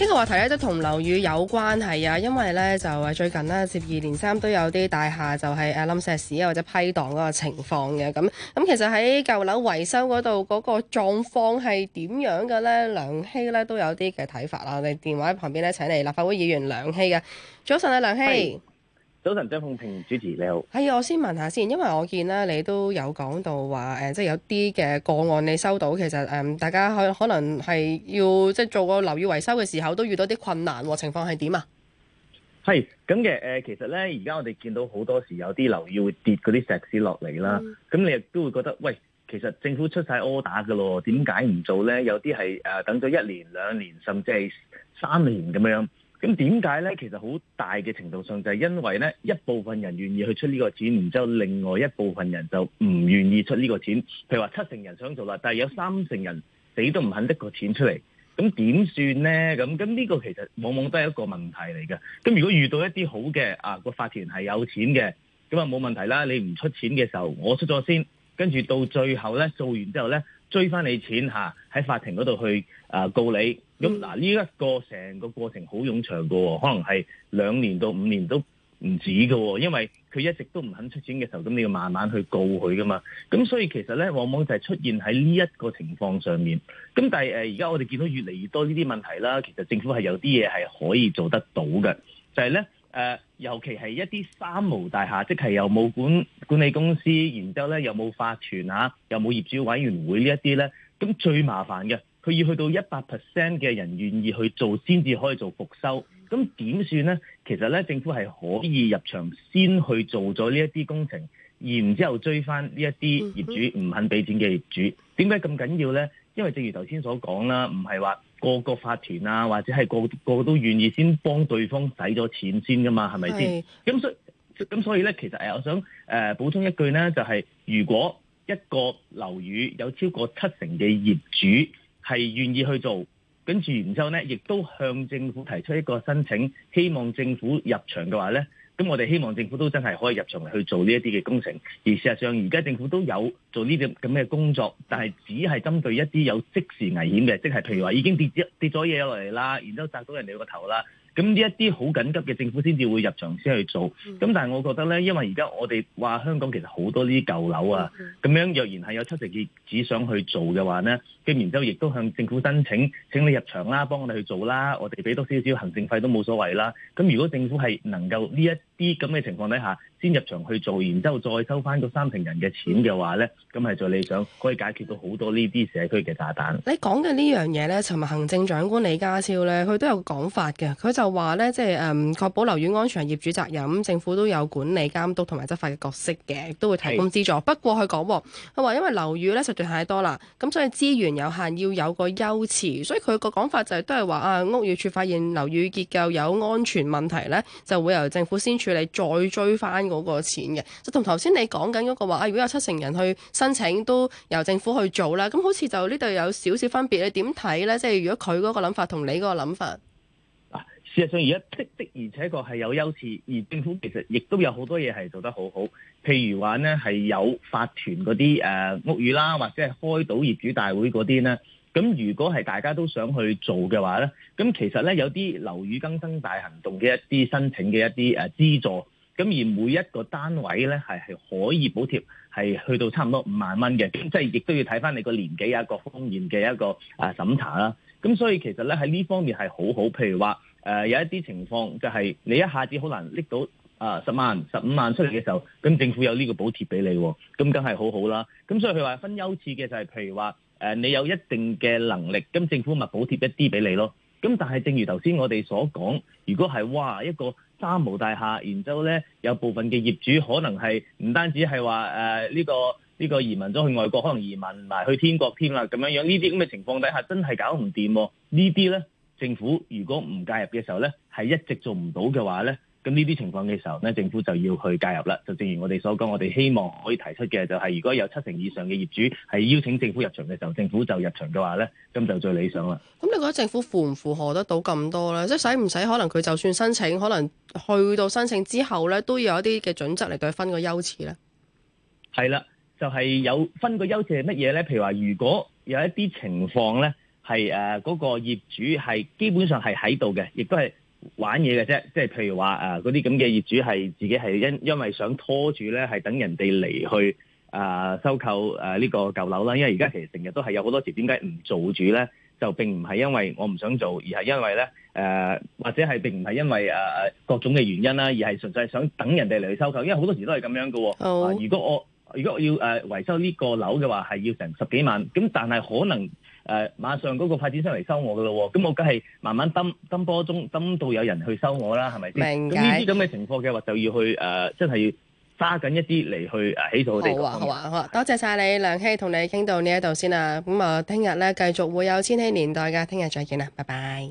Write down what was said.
呢個話題咧都同樓宇有關係啊，因為咧就最近咧接二連三都有啲大廈就係誒冧石屎或者批盪嗰個情況嘅咁。咁其實喺舊樓維修嗰度嗰個狀況係點樣嘅咧？梁熙咧都有啲嘅睇法啦。我哋電話喺旁邊咧請嚟立法會議員梁熙嘅，早晨啊，梁熙。早晨，張鳳平主持，你好。係，我先問下先，因為我見咧你都有講到話，誒，即係有啲嘅個案你收到，其實誒，大家可可能係要即係做個樓宇維修嘅時候，都遇到啲困難喎。情況係點啊？係咁嘅，誒，其實咧，而家我哋見到好多時有啲樓宇會跌嗰啲石屎落嚟啦。咁、嗯、你亦都會覺得，喂，其實政府出晒 order 㗎咯，點解唔做咧？有啲係誒，等咗一年、兩年，甚至係三年咁樣。咁點解呢？其實好大嘅程度上就係因為呢一部分人願意去出呢個錢，然之後另外一部分人就唔願意出呢個錢。譬如話七成人想做啦，但係有三成人死都唔肯拎個錢出嚟。咁點算呢？咁咁呢個其實往往都係一個問題嚟嘅。咁如果遇到一啲好嘅啊，個法團係有錢嘅，咁啊冇問題啦。你唔出錢嘅時候，我出咗先，跟住到最後呢，做完之後呢，追翻你錢嚇喺、啊、法庭嗰度去啊告你。咁嗱，呢一個成個過程好冗長喎、哦，可能係兩年到五年都唔止喎、哦，因為佢一直都唔肯出錢嘅時候，咁你要慢慢去告佢噶嘛。咁所以其實咧，往往就係出現喺呢一個情況上面。咁但係而家我哋見到越嚟越多呢啲問題啦，其實政府係有啲嘢係可以做得到嘅，就係咧誒，尤其係一啲三無大廈，即係又冇管管理公司，然之後咧又冇法團嚇，又、啊、冇業主委員會呢一啲咧，咁最麻煩嘅。佢要去到一百 percent 嘅人願意去做，先至可以做復修。咁點算呢？其實咧，政府係可以入場先去做咗呢一啲工程，而然之後追翻呢一啲業主唔肯俾錢嘅業主。點解咁緊要呢？因為正如頭先所講啦，唔係話個個法團啊，或者係個個都願意先幫對方使咗錢先噶嘛，係咪先？咁所以咁所以其實我想誒、呃、補充一句呢，就係、係、如果一個樓宇有超過七成嘅業主，係願意去做，跟住然之後呢，亦都向政府提出一個申請，希望政府入場嘅話呢，咁我哋希望政府都真係可以入場去做呢一啲嘅工程。而事實上，而家政府都有做呢啲咁嘅工作，但係只係針對一啲有即時危險嘅，即係譬如話已經跌咗跌咗嘢落嚟啦，然之後砸到人哋個頭啦。咁呢一啲好緊急嘅政府先至會入場先去做，咁但係我覺得咧，因為而家我哋話香港其實好多呢啲舊樓啊，咁樣若然係有七成業主想去做嘅話咧，咁然之後亦都向政府申請，請你入場啦，幫我哋去做啦，我哋俾多少少行政費都冇所謂啦。咁如果政府係能夠呢一啲咁嘅情況底下，先入場去做，然之後再收翻嗰三成人嘅錢嘅話呢，咁係最理想，可以解決到好多呢啲社區嘅炸彈。你講嘅呢樣嘢呢，尋日行政長官李家超呢，佢都有講法嘅。佢就話呢，即係誒、嗯、確保樓宇安全，業主責任，政府都有管理監督同埋執法嘅角色嘅，都會提供資助。不過佢講，佢話因為樓宇咧實在太多啦，咁所以資源有限，要有個優次，所以佢個講法就係、是、都係話啊，屋宇署發現樓宇結構有安全問題呢，就會由政府先處理，再追翻。嗰個錢嘅，就同頭先你講緊嗰個話啊，如果有七成人去申請，都由政府去做啦。咁好似就呢度有少少分別，你點睇呢？即係如果佢嗰個諗法同你嗰個諗法，事實上而家的的而且確係有優勢，而政府其實亦都有好多嘢係做得好好。譬如話呢係有法團嗰啲誒屋宇啦，或者係開到業主大會嗰啲呢。咁如果係大家都想去做嘅話呢，咁其實呢，有啲樓宇更新大行動嘅一啲申請嘅一啲誒資助。咁而每一個單位咧，係係可以補貼，係去到差唔多五萬蚊嘅，即係亦都要睇翻你個年紀啊、個風險嘅一個啊審查啦。咁所以其實咧喺呢方面係好好，譬如話、呃、有一啲情況就係、是、你一下子好難拎到啊十、呃、萬、十五萬出嚟嘅時候，咁政府有呢個補貼俾你，咁梗係好好啦。咁所以佢話分優次嘅就係、是，譬如話、呃、你有一定嘅能力，咁政府咪補貼一啲俾你咯。咁但係正如頭先我哋所講，如果係哇一個。三毛大廈，然之後咧有部分嘅業主可能係唔單止係話誒呢個呢個移民咗去外國，可能移民埋去天國添啦，咁樣樣呢啲咁嘅情況底下，真係搞唔掂喎。呢啲咧政府如果唔介入嘅時候咧，係一直做唔到嘅話咧。咁呢啲情況嘅時候咧，政府就要去介入啦。就正如我哋所講，我哋希望可以提出嘅就係、是，如果有七成以上嘅業主係邀請政府入場嘅時候，政府就入場嘅話咧，咁就最理想啦。咁你覺得政府符唔符合得到咁多咧？即係使唔使可能佢就算申請，可能去到申請之後咧，都要有一啲嘅準則嚟對佢分個優次咧？係啦，就係、是、有分個優次係乜嘢咧？譬如話，如果有一啲情況咧，係嗰、啊嗰個業主係基本上係喺度嘅，亦都係。玩嘢嘅啫，即係譬如話誒嗰啲咁嘅業主係自己係因因為想拖住咧，係等人哋嚟去誒、呃、收購誒呢、呃呢個舊樓啦。因為而家其實成日都係有好多時，點解唔做主咧？就並唔係因為我唔想做，而係因為咧誒、呃，或者係並唔係因為誒、呃、各種嘅原因啦，而係純粹係想等人哋嚟去收購。因為好多時都係咁樣噶、啊呃。如果我如果我要誒維修呢個樓嘅話，係要成十幾萬。咁但係可能。誒馬上嗰個發展商嚟收我㗎咯喎，咁我梗係慢慢揼揼波鐘揼到有人去收我啦，係咪先？明解。呢啲咁嘅情況嘅話，就要去誒、呃，真係揸緊一啲嚟去誒起訴我哋、啊。好啊，好啊，好啊，多謝晒你梁熙，同你傾到呢一度先啦。咁啊，聽日咧繼續會有千禧年代㗎。聽日再見啦，拜拜。